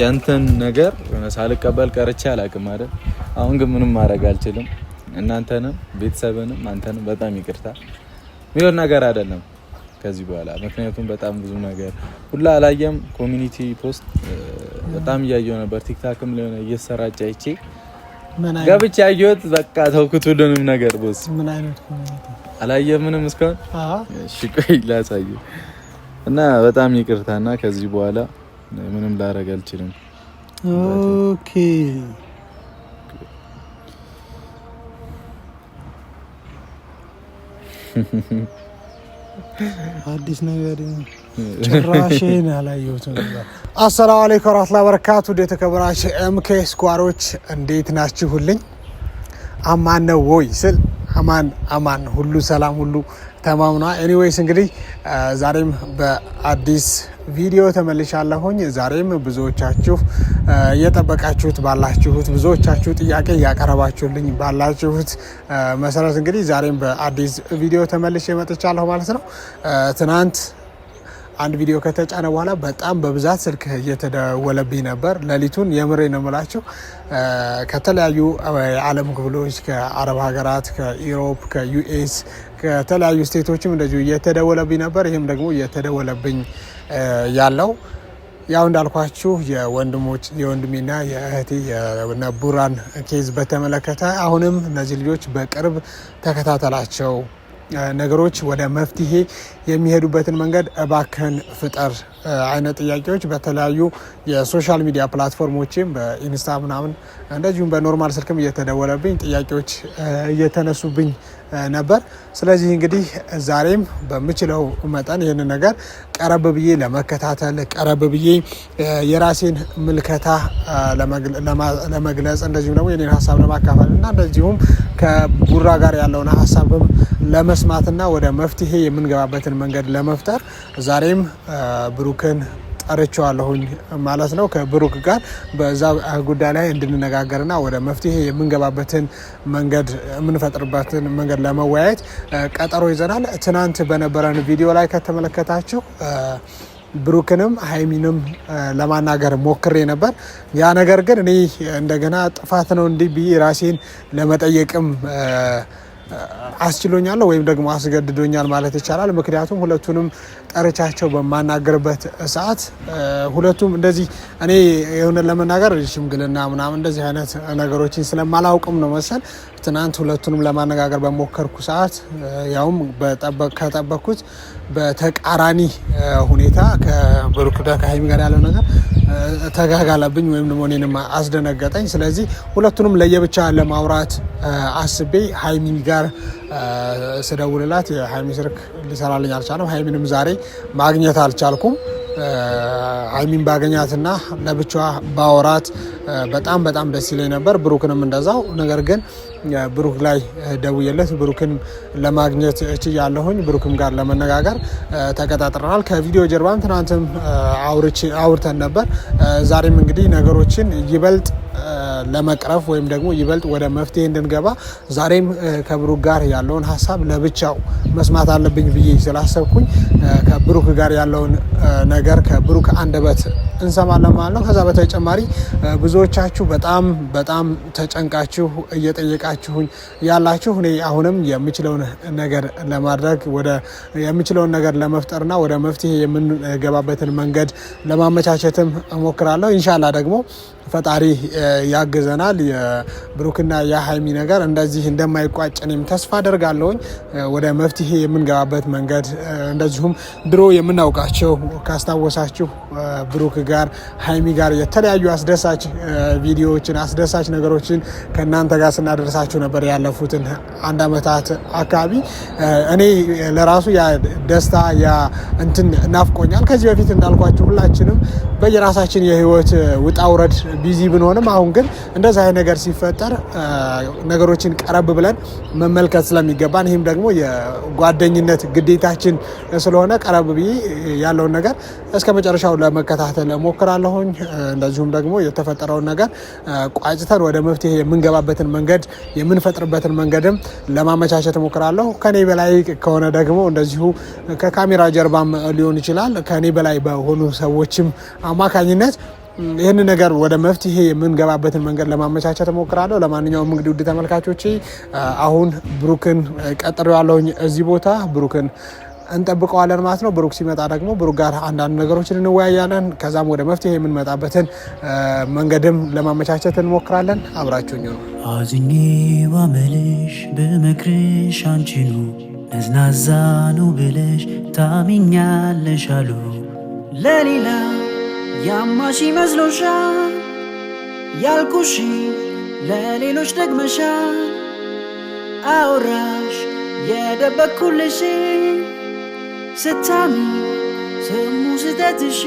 ያንተን ነገር ሳልቀበል ቀርቼ አላቅም አይደል? አሁን ግን ምንም ማድረግ አልችልም። እናንተንም ቤተሰብንም አንተንም በጣም ይቅርታ። ሚሆን ነገር አይደለም ከዚህ በኋላ ምክንያቱም በጣም ብዙ ነገር ሁላ አላየም። ኮሚኒቲ ፖስት በጣም እያየሁ ነበር፣ ቲክታክም ሊሆነ እየተሰራጨ አይቼ ገብቼ አየሁት። በቃ ተውኩት ሁሉንም ነገር ቦስ። ምን ምንም እስካሁን? እሺ ቆይ ላሳየህ እና በጣም ይቅርታ እና ከዚህ በኋላ ምንም ላረግ አልችልም። ኦኬ አዲስ ነገር ጭራሽን ያላየሁት ነበር። አሰላሙ አለይኩም ወራህመቱላሂ ወበረካቱ። ውድ የተከበራችሁ ኤምኬ ስኳሮች እንዴት ናችሁልኝ? አማን ነው ወይ ስል አማን አማን፣ ሁሉ ሰላም፣ ሁሉ ተማምና። ኤኒዌይስ እንግዲህ ዛሬም በአዲስ ቪዲዮ ተመልሻለሁኝ። ዛሬም ብዙዎቻችሁ እየጠበቃችሁት ባላችሁት ብዙዎቻችሁ ጥያቄ እያቀረባችሁልኝ ባላችሁት መሰረት እንግዲህ ዛሬም በአዲስ ቪዲዮ ተመልሼ መጥቻለሁ ማለት ነው። ትናንት አንድ ቪዲዮ ከተጫነ በኋላ በጣም በብዛት ስልክ እየተደወለብኝ ነበር። ሌሊቱን የምሬ ነው የምላቸው ከተለያዩ የዓለም ክፍሎች ከአረብ ሀገራት፣ ከኢሮፕ፣ ከዩኤስ ከተለያዩ ስቴቶችም እንደዚሁ እየተደወለብኝ ነበር። ይህም ደግሞ እየተደወለብኝ ያለው ያው እንዳልኳችሁ የወንድሞች የወንድሜና የእህቴ የነቡራን ኬዝ በተመለከተ አሁንም እነዚህ ልጆች በቅርብ ተከታተላቸው ነገሮች ወደ መፍትሄ የሚሄዱበትን መንገድ እባክህን ፍጠር አይነት ጥያቄዎች በተለያዩ የሶሻል ሚዲያ ፕላትፎርሞችም በኢንስታ ምናምን እንደዚሁም በኖርማል ስልክም እየተደወለብኝ ጥያቄዎች እየተነሱብኝ ነበር። ስለዚህ እንግዲህ ዛሬም በምችለው መጠን ይህንን ነገር ቀረብ ብዬ ለመከታተል ቀረብ ብዬ የራሴን ምልከታ ለመግለጽ እንደዚሁም ደግሞ የኔን ሀሳብ ለማካፈል እና እንደዚሁም ከቡራ ጋር ያለውን ሀሳብም ለመስማትና ወደ መፍትሄ የምንገባበትን መንገድ ለመፍጠር ዛሬም ብሩክን ጠርቸዋለሁኝ ማለት ነው ከብሩክ ጋር በዛ ጉዳይ ላይ እንድንነጋገርና ወደ መፍትሄ የምንገባበትን መንገድ የምንፈጥርበትን መንገድ ለመወያየት ቀጠሮ ይዘናል። ትናንት በነበረን ቪዲዮ ላይ ከተመለከታችሁ ብሩክንም ሀይሚንም ለማናገር ሞክሬ ነበር። ያ ነገር ግን እኔ እንደገና ጥፋት ነው እንዲህ ብዬ ራሴን ለመጠየቅም አስችሎኛል ወይም ደግሞ አስገድዶኛል ማለት ይቻላል። ምክንያቱም ሁለቱንም ጠርቻቸው በማናገርበት ሰዓት ሁለቱም እንደዚህ እኔ የሆነ ለመናገር ሽምግልና ምናምን እንደዚህ አይነት ነገሮችን ስለማላውቅም ነው መሰል ትናንት ሁለቱንም ለማነጋገር በሞከርኩ ሰዓት ያውም ከጠበቅኩት በተቃራኒ ሁኔታ ከብሩክዳ ከሀይሚ ጋር ያለው ነገር ተጋጋለብኝ ወይም ደግሞ እኔንም አስደነገጠኝ። ስለዚህ ሁለቱንም ለየብቻ ለማውራት አስቤ ሀይሚ ጋር ስደውልላት የሀይሚ ስልክ ሊሰራልኝ አልቻለም። ሀይሚንም ዛሬ ማግኘት አልቻልኩም። ሀይሚን ባገኛትና ለብቻዋ ባወራት በጣም በጣም ደስ ይለኝ ነበር። ብሩክንም እንደዛው። ነገር ግን ብሩክ ላይ ደውዬለት ብሩክን ለማግኘት ያለሁኝ ብሩክም ጋር ለመነጋገር ተቀጣጥረናል። ከቪዲዮ ጀርባም ትናንትም አውርተን ነበር። ዛሬም እንግዲህ ነገሮችን ይበልጥ ለመቅረፍ ወይም ደግሞ ይበልጥ ወደ መፍትሄ እንድንገባ ዛሬም ከብሩክ ጋር ያለውን ሀሳብ ለብቻው መስማት አለብኝ ብዬ ስላሰብኩኝ ከብሩክ ጋር ያለውን ነገር ነገር ከብሩክ አንደበት እንሰማለን ማለት ነው። ከዛ በተጨማሪ ብዙዎቻችሁ በጣም በጣም ተጨንቃችሁ እየጠየቃችሁኝ ያላችሁ እኔ አሁንም የምችለውን ነገር ለማድረግ ወደ የምችለውን ነገር ለመፍጠርና ወደ መፍትሄ የምንገባበትን መንገድ ለማመቻቸትም እሞክራለሁ። ኢንሻላ ደግሞ ፈጣሪ ያግዘናል። የብሩክና የሀይሚ ነገር እንደዚህ እንደማይቋጭ እኔም ተስፋ አደርጋለሁኝ። ወደ መፍትሄ የምንገባበት መንገድ እንደዚሁም ድሮ የምናውቃቸው ካስታወሳችሁ ብሩክ ጋር ሀይሚ ጋር የተለያዩ አስደሳች ቪዲዮዎችን አስደሳች ነገሮችን ከእናንተ ጋር ስናደርሳችሁ ነበር ያለፉትን አንድ ዓመታት አካባቢ እኔ ለራሱ ያ ደስታ ያ እንትን ናፍቆኛል። ከዚህ በፊት እንዳልኳችሁ ሁላችንም በየራሳችን የህይወት ውጣ ውረድ ቢዚ ብንሆንም አሁን ግን እንደዚህ አይነት ነገር ሲፈጠር ነገሮችን ቀረብ ብለን መመልከት ስለሚገባን ይህም ደግሞ የጓደኝነት ግዴታችን ስለሆነ ቀረብ ብዬ ያለውን ነገር እስከ መጨረሻው ለመከታተል ሞክራለሁኝ። እንደዚሁም ደግሞ የተፈጠረውን ነገር ቋጭተን ወደ መፍትሄ የምንገባበትን መንገድ የምንፈጥርበትን መንገድም ለማመቻቸት ሞክራለሁ። ከኔ በላይ ከሆነ ደግሞ እንደዚሁ ከካሜራ ጀርባም ሊሆን ይችላል ከኔ በላይ በሆኑ ሰዎችም አማካኝነት ይህን ነገር ወደ መፍትሄ የምንገባበትን መንገድ ለማመቻቸት እሞክራለሁ። ለማንኛውም እንግዲህ ውድ ተመልካቾች አሁን ብሩክን ቀጥሮ ያለውኝ እዚህ ቦታ ብሩክን እንጠብቀዋለን ማለት ነው። ብሩክ ሲመጣ ደግሞ ብሩክ ጋር አንዳንድ ነገሮችን እንወያያለን። ከዛም ወደ መፍትሄ የምንመጣበትን መንገድም ለማመቻቸት እንሞክራለን። አብራችሁኝ ነው። አዝኜ ባመልሽ ብመክርሽ አንቺኑ ነዝናዛ ነው ብለሽ ታሚኛለሽ አሉ ለሌላ ያማሽ ይመስሎሻል ያልኩሽ ለሌሎች ደግመሻል አውራሽ የደበኩልሽ ስታሚ ስሙ ስተትሽ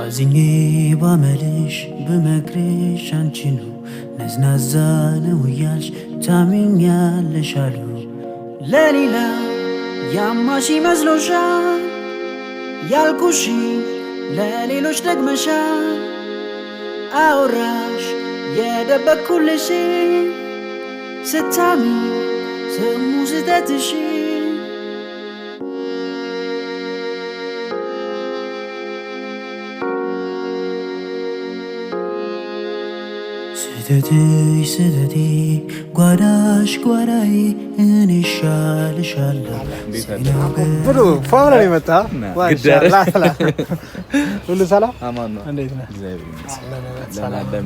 አዝኜ ባመልሽ በመክሬሽ አንቺ ነው ነዝናዛ ነው እያልሽ ታሚኛለሽ አሉ ለሌላ ያማሽ ይመስሎሻል ያልኩሽ ለሌሎች ደግመሻል አውራሽ የደበኩልሽ ስታሚ ስሙ ስህተትሽ ስህተትሽ ጓዳሽ ጓዳዬ እኔ እሻልሻለሁ ብሉ ፏላ ሁሉ ሰላም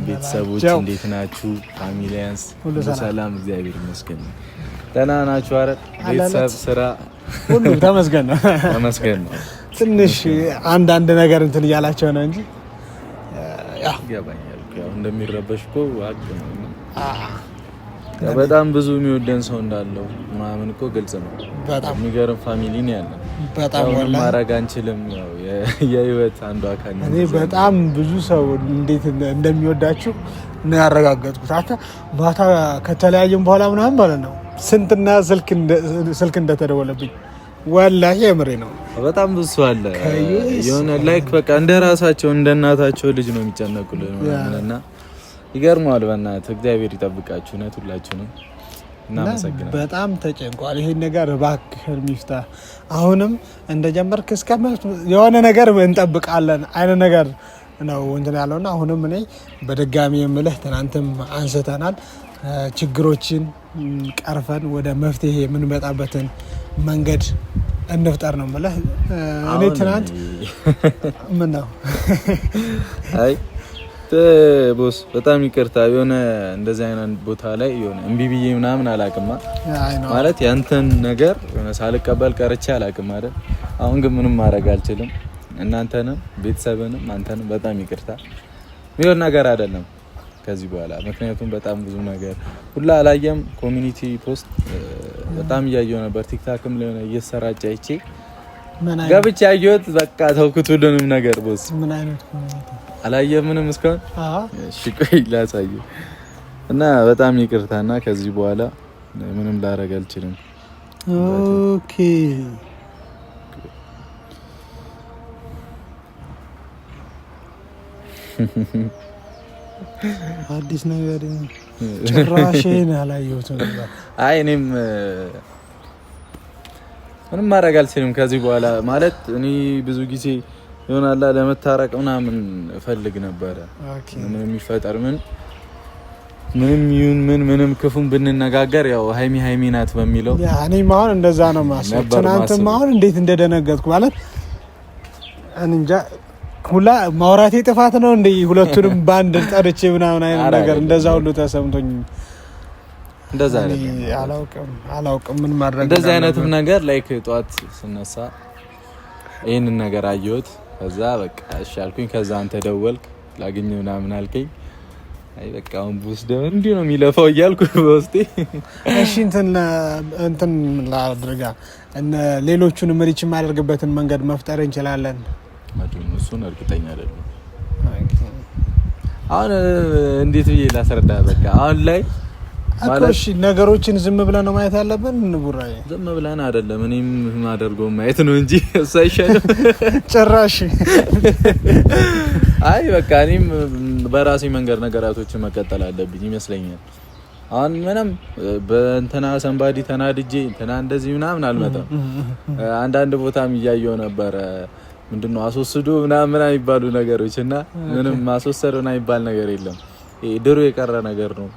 ቤተሰቦች እንዴት ናችሁ? ፋሚሊያንስ ሁሉ ሰላም እግዚአብሔር ይመስገን። ደህና ናችሁ? አረ ቤተሰብ ስራ ሁሉ ተመስገን ነው ተመስገን ነው። ትንሽ አንዳንድ ነገር እንትን እያላቸው ነው እንጂ እንደሚረበሽ እኮ አቅ ነው። በጣም ብዙ የሚወደን ሰው እንዳለው ምናምን እኮ ግልጽ ነው። በጣም የሚገርም ፋሚሊ ነው ያለ። በጣም ማድረግ አንችልም። የህይወት አንዱ አካል እኔ በጣም ብዙ ሰው እንዴት እንደሚወዳችሁ ነው ያረጋገጥኩት። አ ማታ ከተለያየም በኋላ ምናምን ማለት ነው ስንትና ስልክ ስልክ እንደተደወለብኝ ወላሂ የምሬ ነው። በጣም ብዙ አለ የሆነ ላይክ በቃ እንደ ራሳቸው እንደ እናታቸው ልጅ ነው የሚጨነቁልን እና ይገርመዋል። በእናትህ እግዚአብሔር ይጠብቃችሁ። እውነት ሁላችሁንም እናመሰግናል። በጣም ተጨንቋል። ይሄን ነገር እባክህ ሚፍታ አሁንም እንደጀመርክ እስከ የሆነ ነገር እንጠብቃለን አይነት ነገር ነው እንትን ያለውና አሁንም እኔ በድጋሚ የምልህ ትናንትም አንስተናል ችግሮችን ቀርፈን ወደ መፍትሄ የምንመጣበትን መንገድ እንፍጠር ነው የምልህ። እኔ ትናንት ምን ነው ቦስ በጣም ይቅርታ የሆነ እንደዚህ አይነት ቦታ ላይ የሆነ እምቢ ብዬ ምናምን አላቅማ ማለት ያንተን ነገር የሆነ ሳልቀበል ቀርቼ አላቅማ አይደል። አሁን ግን ምንም ማድረግ አልችልም። እናንተንም ቤተሰብንም አንተንም በጣም ይቅርታ። ሚሆን ነገር አይደለም ከዚህ በኋላ ምክንያቱም በጣም ብዙ ነገር ሁላ አላየም። ኮሚኒቲ ፖስት በጣም እያየው ነበር። ቲክታክም ሊሆነ እየተሰራጨ አይቼ ገብቼ ያየሁት በቃ ተውኩት ሁሉንም ነገር ቦስ ምን አይነት ኮሚኒቲ አላየህ ምንም እስካሁን? እሺ ቆይ ላሳየህ እና በጣም ይቅርታና ከዚህ በኋላ ምንም ላረግ አልችልም። ኦኬ አዲስ ነገር ጭራሽን አላየሁትም። አይ እኔም ምንም ማድረግ አልችልም ከዚህ በኋላ ማለት እኔ ብዙ ጊዜ ይሆናላ ለመታረቅ ምናምን እፈልግ ነበረ። ምንም የሚፈጠር ምን ምንም ይሁን ምን ምንም ክፉን ብንነጋገር ያው ሀይሚ ሀይሚ ናት በሚለው እኔም አሁን እንደዛ ነው ማስብ። ትናንትም አሁን እንዴት እንደደነገጥኩ ማለት እንጃ ሁላ ማውራቴ ጥፋት ነው እንደ ሁለቱንም በአንድ ጠርቼ ምናምን አይነት ነገር እንደዛ ሁሉ ተሰምቶኝ እንደዛ አላውቅም አላውቅም ምን ማድረግ እንደዚህ አይነትም ነገር ላይክ ጠዋት ስነሳ ይህንን ነገር አየሁት። ከዛ በቃ እሺ አልኩኝ። ከዛ አንተ ደወልክ ላግኝ ምናምን አልከኝ። አይ በቃ አሁን ቡስ ብወስደ እንዲህ ነው የሚለፋው እያልኩ በውስጤ እሺ እንትን እንትን ላድርጋ ሌሎቹንም ሪች የማደርግበትን መንገድ መፍጠር እንችላለን። እሱን እርግጠኛ አይደለም። አሁን እንዴት ብዬ ላስረዳ በቃ አሁን ላይ እሺ ነገሮችን ዝም ብለን ነው ማየት ያለብን። ንቡራ ዝም ብለን አይደለም፣ እኔም ማደርገው ማየት ነው እንጂ እሱ አይሻልም ጭራሽ። አይ በቃ እኔም በራሴ መንገድ ነገራቶችን መቀጠል አለብኝ ይመስለኛል። አሁን ምንም በእንትና ሰንባዲ ተናድጄ እንትና እንደዚህ ምናምን አልመጣም። አንዳንድ ቦታም እያየው ነበረ ምንድነው አስወስዱ ምናምን የሚባሉ ነገሮች እና ምንም ማስወሰድ አስወሰዱ የሚባል ነገር የለም። ድሮ የቀረ ነገር ነው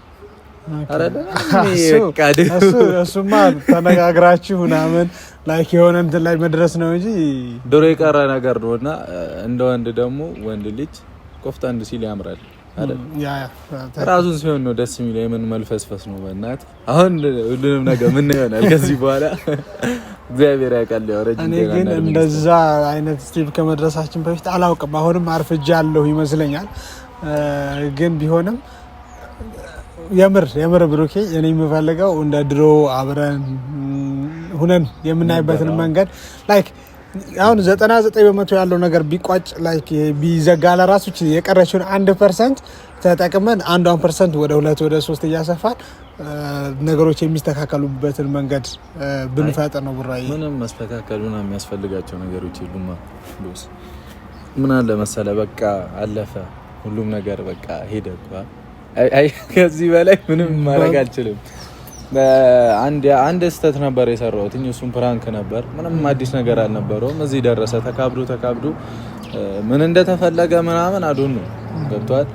እሱማ ተነጋግራችሁ ምናምን ላይክ የሆነ እንትን ላይ መድረስ ነው እንጂ ድሮ የቀረ ነገር ነው። እና እንደ ወንድ ደግሞ ወንድ ልጅ ቆፍጠን ሲል ያምራል። ራሱን ሲሆን ነው ደስ የሚለው። የምን መልፈስፈስ ነው? በእናት አሁን ሁሉንም ነገር ምን ይሆናል ከዚህ በኋላ እግዚአብሔር ያውቃል። እኔ ግን እንደዛ አይነት ከመድረሳችን በፊት አላውቅም። አሁንም አርፍጃ አለሁ ይመስለኛል ግን ቢሆንም የምር የምር ብሩኬ እኔ የምፈልገው እንደ ድሮ አብረን ሁነን የምናይበትን መንገድ ላይክ አሁን ዘጠና ዘጠኝ በመቶ ያለው ነገር ቢቋጭ ላይክ ቢዘጋ ለራሶች የቀረችውን አንድ ፐርሰንት ተጠቅመን አንዷን ፐርሰንት ወደ ሁለት ወደ ሶስት እያሰፋን ነገሮች የሚስተካከሉበትን መንገድ ብንፈጥር ነው። ቡራዬ ምንም መስተካከሉን የሚያስፈልጋቸው ነገሮች የሉማ። ምን አለ መሰለ፣ በቃ አለፈ ሁሉም ነገር በቃ ሄደ። ከዚህ በላይ ምንም ማድረግ አልችልም። አንድ ስህተት ነበር የሰራሁት፣ እሱም ፕራንክ ነበር። ምንም አዲስ ነገር አልነበረውም። እዚህ ደረሰ። ተካብዶ ተካብዶ ምን እንደተፈለገ ምናምን አዱኑ ገብቷል።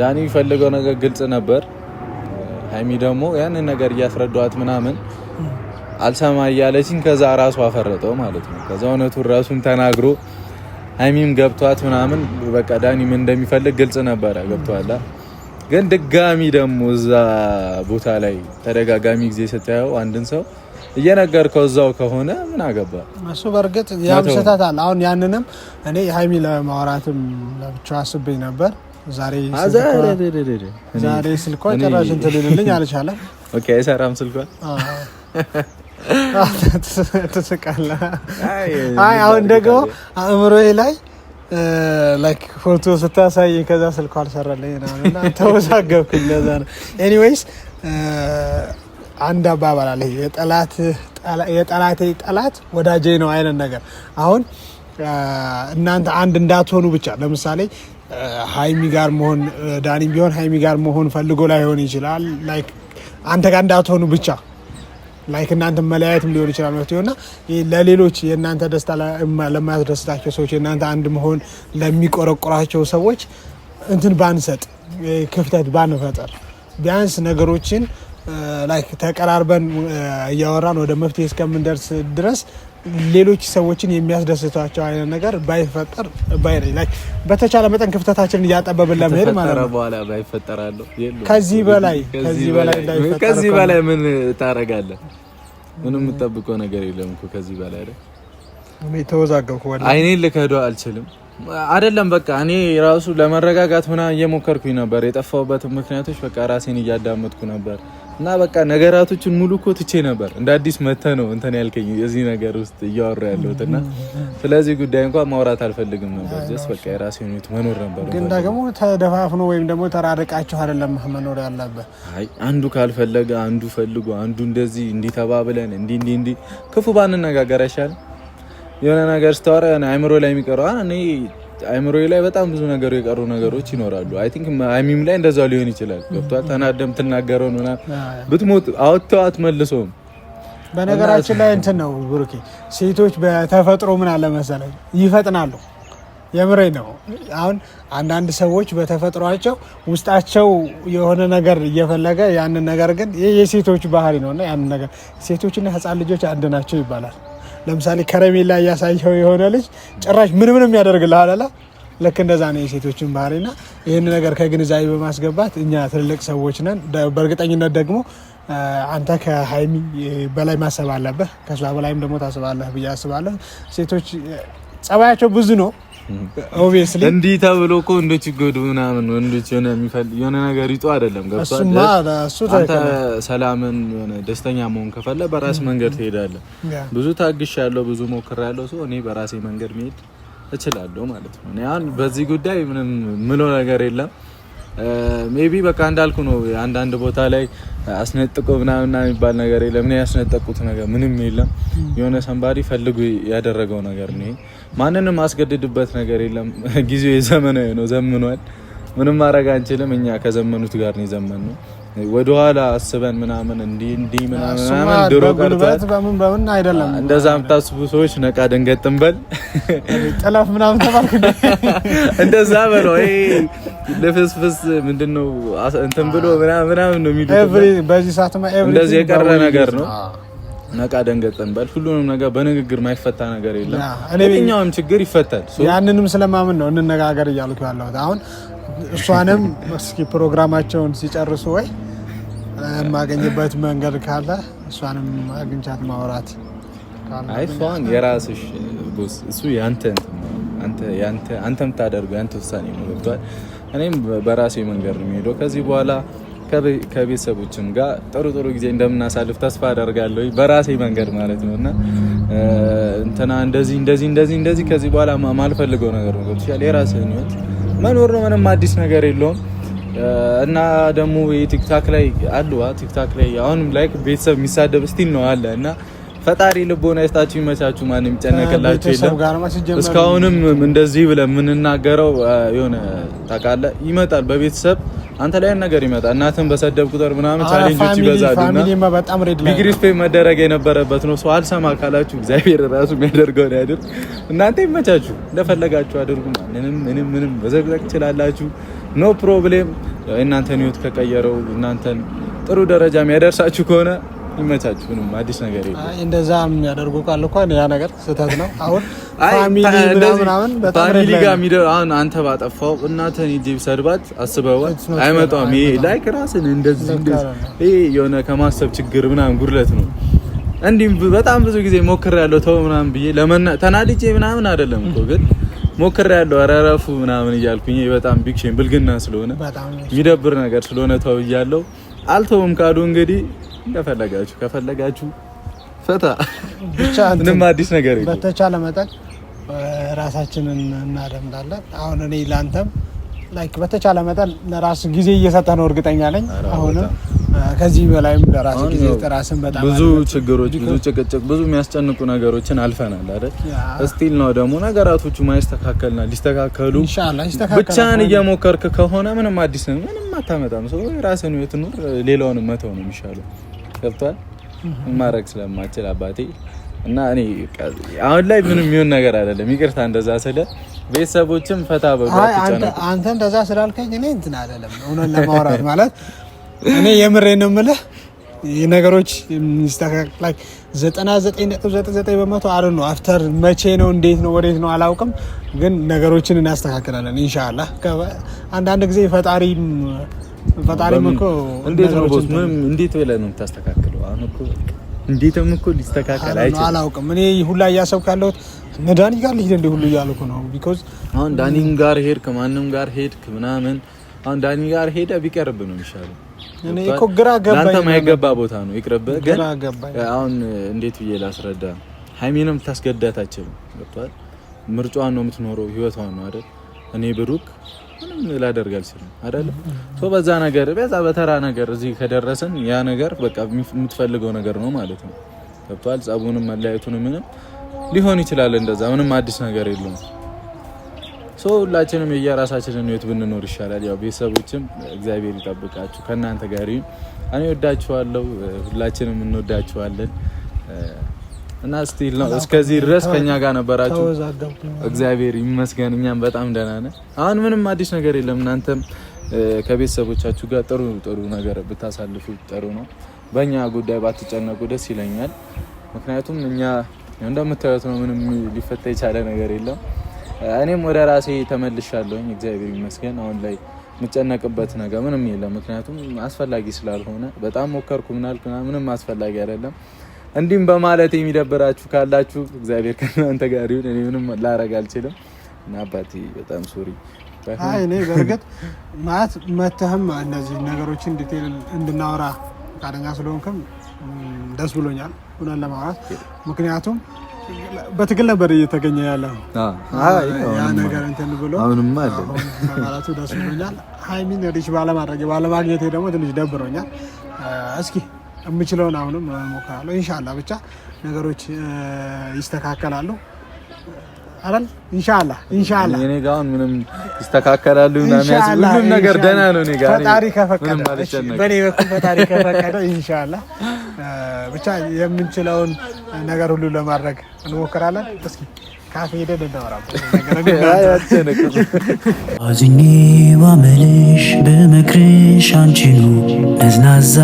ዳኒ የሚፈልገው ነገር ግልጽ ነበር። ሀይሚ ደግሞ ያንን ነገር እያስረዷት ምናምን አልሰማ እያለችኝ ከዛ ራሱ አፈረጠው ማለት ነው። ከዛ እውነቱ ራሱን ተናግሮ ሀይሚም ገብቷት ምናምን በቃ ዳኒ ምን እንደሚፈልግ ግልጽ ነበረ። ገብቷላ ግን ድጋሚ ደግሞ እዛ ቦታ ላይ ተደጋጋሚ ጊዜ ስታየው አንድን ሰው እየነገርከው እዛው ከሆነ ምን አገባ እሱ። በእርግጥ ያም ስህተት አለ። አሁን ያንንም እኔ ሀይሚ ለማውራትም ለብቻ አስብኝ ነበር። ዛሬ ስልኳ ጭራሽ እንትን አልቻለም። አይሰራም ስልኳ ትስቃለህ። አሁን ደግሞ አእምሮዬ ላይ ላይክ ፎቶ ስታሳይ ከዛ ስልኩ አልሰራለኝ እና ተወዛገብኩኝ። ለዛ ነው። ኤኒዌይስ አንድ አባባል አለ የጠላቴ ጠላት ወዳጄ ነው አይነት ነገር። አሁን እናንተ አንድ እንዳትሆኑ ብቻ ለምሳሌ ሀይሚ ጋር መሆን ዳኒ ቢሆን ሀይሚ ጋር መሆን ፈልጎ ላይሆን ይችላል። ላይክ አንተ ጋር እንዳትሆኑ ብቻ ላይክ እናንተ መለያየትም ሊሆን ይችላል መፍትሄው እና ለሌሎች የእናንተ ደስታ ለማያስደስታቸው ሰዎች የእናንተ አንድ መሆን ለሚቆረቆራቸው ሰዎች እንትን ባንሰጥ ክፍተት ባንፈጠር ቢያንስ ነገሮችን ላይክ ተቀራርበን እያወራን ወደ መፍትሄ እስከምንደርስ ድረስ ሌሎች ሰዎችን የሚያስደስቷቸው አይነት ነገር ባይፈጠር ባይ ላይ በተቻለ መጠን ክፍተታችንን እያጠበብን ለመሄድ ማለት ነው። በኋላ ከዚህ በላይ ከዚህ በላይ ከዚህ በላይ ምን ታደርጋለህ? ምንም የምጠብቀው ነገር የለም እኮ ከዚህ በላይ አይደል? ተወዛገብኩ። አልችልም። አይደለም በቃ እኔ ራሱ ለመረጋጋት ምናምን እየሞከርኩኝ ነበር። የጠፋሁበትን ምክንያቶች በቃ ራሴን እያዳመጥኩ ነበር። እና በቃ ነገራቶችን ሙሉ እኮ ትቼ ነበር። እንደ አዲስ መተ ነው እንትን ያልከኝ እዚህ ነገር ውስጥ እያወራ ያለሁት እና ስለዚህ ጉዳይ እንኳን ማውራት አልፈልግም ነበር። ስ በቃ የራሴ ሁኔት መኖር ነበር። ግን ደግሞ ተደፋፍኖ ወይም ደግሞ ተራርቃችሁ አይደለም መኖር ያለበት። አይ አንዱ ካልፈለገ አንዱ ፈልጎ አንዱ እንደዚህ እንዲተባብለን እንዲ እንዲ እንዲ ክፉ ባንነጋገር አይሻልም? የሆነ ነገር ስታወራ የሆነ አይምሮ ላይ የሚቀረው እኔ አይምሮ ላይ በጣም ብዙ ነገር የቀሩ ነገሮች ይኖራሉ። አይ ቲንክ ላይ እንደዛ ሊሆን ይችላል። ገብቷል። ተናደም ትናገረው ብትሞት አውጥተው አትመልሰውም። በነገራችን ላይ እንትን ነው ብሩኬ፣ ሴቶች በተፈጥሮ ምን አለ ይፈጥናሉ። የምሬ ነው። አሁን አንዳንድ ሰዎች በተፈጥሯቸው ውስጣቸው የሆነ ነገር እየፈለገ ያንን ነገር ግን የሴቶች ባህሪ ነውና ያንን ነገር ሴቶችና ህፃን ልጆች አንድ ናቸው ይባላል ለምሳሌ ከረሜላ እያሳየው የሆነ ልጅ ጭራሽ ምን ምንም ያደርግልሃል ልክ እንደዛ ነው የሴቶችን ባህሪና ይህን ነገር ከግንዛቤ በማስገባት እኛ ትልልቅ ሰዎች ነን። በእርግጠኝነት ደግሞ አንተ ከሀይሚ በላይ ማሰብ አለብህ፣ ከሷ በላይም ደግሞ ታስባለህ ብዬ አስባለሁ። ሴቶች ጸባያቸው ብዙ ነው። ኦብቪየስሊ እንዲህ ተብሎ እኮ እንዶች ይጎዱ ምናምን ወንዶች የሆነ የሚፈል የሆነ ነገር ይጡ አይደለም ገብቷል። አንተ ሰላምን የሆነ ደስተኛ መሆን ከፈለ በራስ መንገድ ትሄዳለህ። ብዙ ታግሽ ያለው ብዙ ሞክር ያለው ሰው እኔ በራሴ መንገድ መሄድ እችላለሁ ማለት ነው። አሁን በዚህ ጉዳይ ምንም ምለው ነገር የለም። ሜቢ በቃ እንዳልኩ ነው። አንዳንድ ቦታ ላይ አስነጥቆ ምናምና የሚባል ነገር የለም። እኔ ያስነጠቁት ነገር ምንም የለም። የሆነ ሰንባዲ ፈልጉ ያደረገው ነገር ነው። ማንንም አስገድድበት ነገር የለም። ጊዜው የዘመናዊ ነው፣ ዘምኗል። ምንም ማድረግ አንችልም። እኛ ከዘመኑት ጋር ነው የዘመን ነው ወደኋላ አስበን ምናምን እንዲህ እንዲህ ምናምን ድሮ ቀርተን በምን በምን አይደለም። እንደዛ የምታስቡ ሰዎች ነቃ ደንገጥ በል ጠላፍ ምናምን ተባልክ እንደዛ በል ወይ ልፍስፍስ ምንድን ነው እንትን ብሎ ምናምን ምናምን ነው የሚሉት። ኤቭሪ በዚህ ሰዓት ማ ኤቭሪ እንደዚህ የቀረ ነገር ነው። ነቃ ደንገጥን በል። ሁሉንም ነገር በንግግር ማይፈታ ነገር የለም። የትኛውም ችግር ይፈታል። ያንንም ስለማምን ነው እንነጋገር እያልኩ ያለሁት አሁን እሷንም እስኪ ፕሮግራማቸውን ሲጨርሱ ወይ የማገኝበት መንገድ ካለ እሷንም አግኝቻት ማውራት አይ የራስሽ የራስሽ እሱ ያንተ አንተ የምታደርገው ያንተ ውሳኔ ነው። ገብቷል። እኔም በራሴ መንገድ ነው የሚሄደው። ከዚህ በኋላ ከቤተሰቦችም ጋር ጥሩ ጥሩ ጊዜ እንደምናሳልፍ ተስፋ አደርጋለሁ። በራሴ መንገድ ማለት ነው እና እንትና እንደዚህ እንደዚህ እንደዚህ እንደዚህ ከዚህ በኋላ ማልፈልገው ነገር ነው። ገብቶሻል። የራስህን ህይወት መኖር ነው። ምንም አዲስ ነገር የለውም። እና ደግሞ ቲክታክ ላይ አሉ ቲክታክ ላይ አሁንም ላይ ቤተሰብ የሚሳደብ ስቲል ነው አለ እና ፈጣሪ ልቦና ይስጣችሁ፣ ይመቻችሁ። ማንም ይጨነቅላችሁ የለም። እስካሁንም እንደዚህ ብለን የምንናገረው የሆነ ታውቃለህ ይመጣል በቤተሰብ አንተ ላይ ነገር ይመጣል። እናትን በሰደብ ቁጥር ምናምን ቻሌንጆች ይበዛሉ። መደረግ የነበረበት ነው። ሰው አልሰማ ካላችሁ እግዚአብሔር ራሱ የሚያደርገውን ያድርግ። እናንተ ይመቻችሁ፣ እንደፈለጋችሁ አድርጉ። ምንም ምንም ምንም መዘግዘግ ትችላላችሁ። ኖ ፕሮብሌም። እናንተን ህይወት ከቀየረው እናንተን ጥሩ ደረጃ የሚያደርሳችሁ ከሆነ ይመቻችሁ። ምንም አዲስ ነገር የለም። እንደዛ የሚያደርጉ ቃል እኮ ያ ነገር ስህተት ነው። አሁን ፋሚሊ ጋር የሚደር አሁን አንተ ባጠፋው እናትህን ሂጅ ሰድባት አስበዋል አይመጣም። ይሄ ላይክ ራስን እንደዚህ ይሄ የሆነ ከማሰብ ችግር ምናምን ጉድለት ነው። እንዲህ በጣም ብዙ ጊዜ ሞክሬያለሁ ተው ምናምን ብዬ ተናድጄ ምናምን አይደለም እኮ ግን ሞክሬያለሁ። ኧረ እረፉ ምናምን እያልኩኝ በጣም ቢግ ሼም ብልግና ስለሆነ የሚደብር ነገር ስለሆነ ተው እያለሁ አልተውም ካሉ እንግዲህ እንደፈለጋችሁ ከፈለጋችሁ ፈታ ምንም አዲስ ነገር በተቻለ መጠን ራሳችንን እናደምጣለን። አሁን እኔ ለአንተም ላይክ በተቻለ መጠን ለራስ ጊዜ እየሰጠ ነው እርግጠኛ ነኝ አሁንም ከዚህ በላይም ለራስ ጊዜ ራስን በጣም ብዙ ችግሮች፣ ብዙ ጭቅጭቅ፣ ብዙ የሚያስጨንቁ ነገሮችን አልፈናል አይደል? ስቲል ነው ደግሞ ነገራቶቹ ማይስተካከልና ሊስተካከሉ ብቻን እየሞከርክ ከሆነ ምንም አዲስ ምንም አታመጣም። ሰው ራስን ህይወት ኑር፣ ሌላውን መተው ነው የሚሻለው። ገብቷል። ማድረግ ስለማችል አባቴ እና እኔ አሁን ላይ ምንም የሚሆን ነገር አይደለም። ይቅርታ እንደዛ ስለ ቤተሰቦችም ፈታ በቃ አንተ እንደዛ ስላልከኝ እኔ እንትን አይደለም እውነት ለማውራት ማለት እኔ የምሬ ነው የምልህ ነገሮች ሚስተካከል ዘጠና ዘጠኝ ነጥብ ዘጠኝ ዘጠኝ በመቶ አር ነው። አፍተር መቼ ነው እንዴት ነው ወዴት ነው አላውቅም፣ ግን ነገሮችን እናስተካክላለን ኢንሻላህ። አንዳንድ ጊዜ ፈጣሪም ፈጣሪም እኮ እንዴት ነው እንዴት ብለህ ነው የምታስተካክለው? አሁን እኮ እንዴትም እኮ ሊስተካከል አይችልም። አላውቅም እኔ ሁላ እያሰብኩ ያለሁት እነ ዳኒ ጋር ልሂድ እንደ ሁሉ እያልኩ ነው። ቢኮዝ አሁን ዳኒም ጋር ሄድክ ማንም ጋር ሄድክ ምናምን አሁን ዳኒ ጋር ሄደ ቢቀርብ ነው የሚሻለው እኔ እኮ ግራ ገባኝ። ለአንተ ማይገባ ቦታ ነው ይቅርብህ። ግን አሁን እንዴት ብዬ ላስረዳ? ሀይሜንም ልታስገዳት አችልም። ገብቶሃል? ምርጫዋን ነው የምትኖረው፣ ህይወቷን ነው አይደል? እኔ ብሩክ ምንም ላደርግ አልችልም አይደለም። በዛ ነገር በዛ በተራ ነገር እዚህ ከደረስን ያ ነገር በቃ የምትፈልገው ነገር ነው ማለት ነው። ገብቶሃል? ጸቡንም መለያየቱንም ምንም ሊሆን ይችላል። እንደዛ ምንም አዲስ ነገር የለውም። ሁላችንም የየራሳችንን ህይወት ብንኖር ይሻላል። ያው ቤተሰቦችም እግዚአብሔር ይጠብቃችሁ ከእናንተ ጋር ይሁን። እኔ ወዳችኋለሁ፣ ሁላችንም እንወዳችኋለን እና ስቲል ነው እስከዚህ ድረስ ከኛ ጋር ነበራችሁ። እግዚአብሔር ይመስገን እኛም በጣም ደህና ነን። አሁን ምንም አዲስ ነገር የለም። እናንተም ከቤተሰቦቻችሁ ጋር ጥሩ ጥሩ ነገር ብታሳልፉ ጥሩ ነው። በእኛ ጉዳይ ባትጨነቁ ደስ ይለኛል። ምክንያቱም እኛ እንደምታዩት ነው፣ ምንም ሊፈታ የቻለ ነገር የለም። እኔም ወደ ራሴ ተመልሻለሁኝ እግዚአብሔር ይመስገን። አሁን ላይ የምጨነቅበት ነገር ምንም የለም፣ ምክንያቱም አስፈላጊ ስላልሆነ በጣም ሞከርኩ ምናልኩ ምንም አስፈላጊ አይደለም። እንዲህም በማለት የሚደብራችሁ ካላችሁ እግዚአብሔር ከእናንተ ጋር ይሁን። እኔ ምንም ላረግ አልችልም እና አባቴ በጣም ሶሪ። እኔ በእርግጥ ማለት መተህም እነዚህ ነገሮችን ዲቴል እንድናወራ ፈቃደኛ ስለሆንክም ደስ ብሎኛል፣ ሁነን ለማውራት ምክንያቱም በትግል ነበር እየተገኘ ያለ ነገር አለ ማለቱ ደስ ብሎኛል። ሀይሚን ሪች ባለማድረግ ባለማግኘት ደግሞ ትንሽ ደብሮኛል። እስኪ የምችለውን አሁንም ሞክራለሁ። ኢንሻላህ ብቻ ነገሮች ይስተካከላሉ። አይደል? ኢንሻአላህ ኢንሻአላህ እኔ ጋር አሁን ምንም ይስተካከላሉ ምናምን ሁሉም ነገር ደህና ነው። እኔ ጋር ፈጣሪ ከፈቀደ በእኔ በኩል ፈጣሪ ከፈቀደ ኢንሻአላህ ብቻ የምንችለውን ነገር ሁሉ ለማድረግ እንሞክራለን። እስኪ ካፌ ሄደን እናወራለን። አዝኜ ባመልሽ ነዝናዛ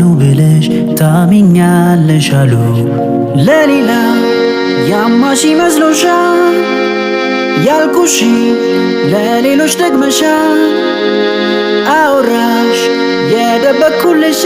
ነው ብለሽ ታሚኛለሽ አሉ ለሌላ ያማሽ ይመስሎሻል ያልኩሽ ለሌሎች ደግመሻል አውራሽ የደበኩልሽ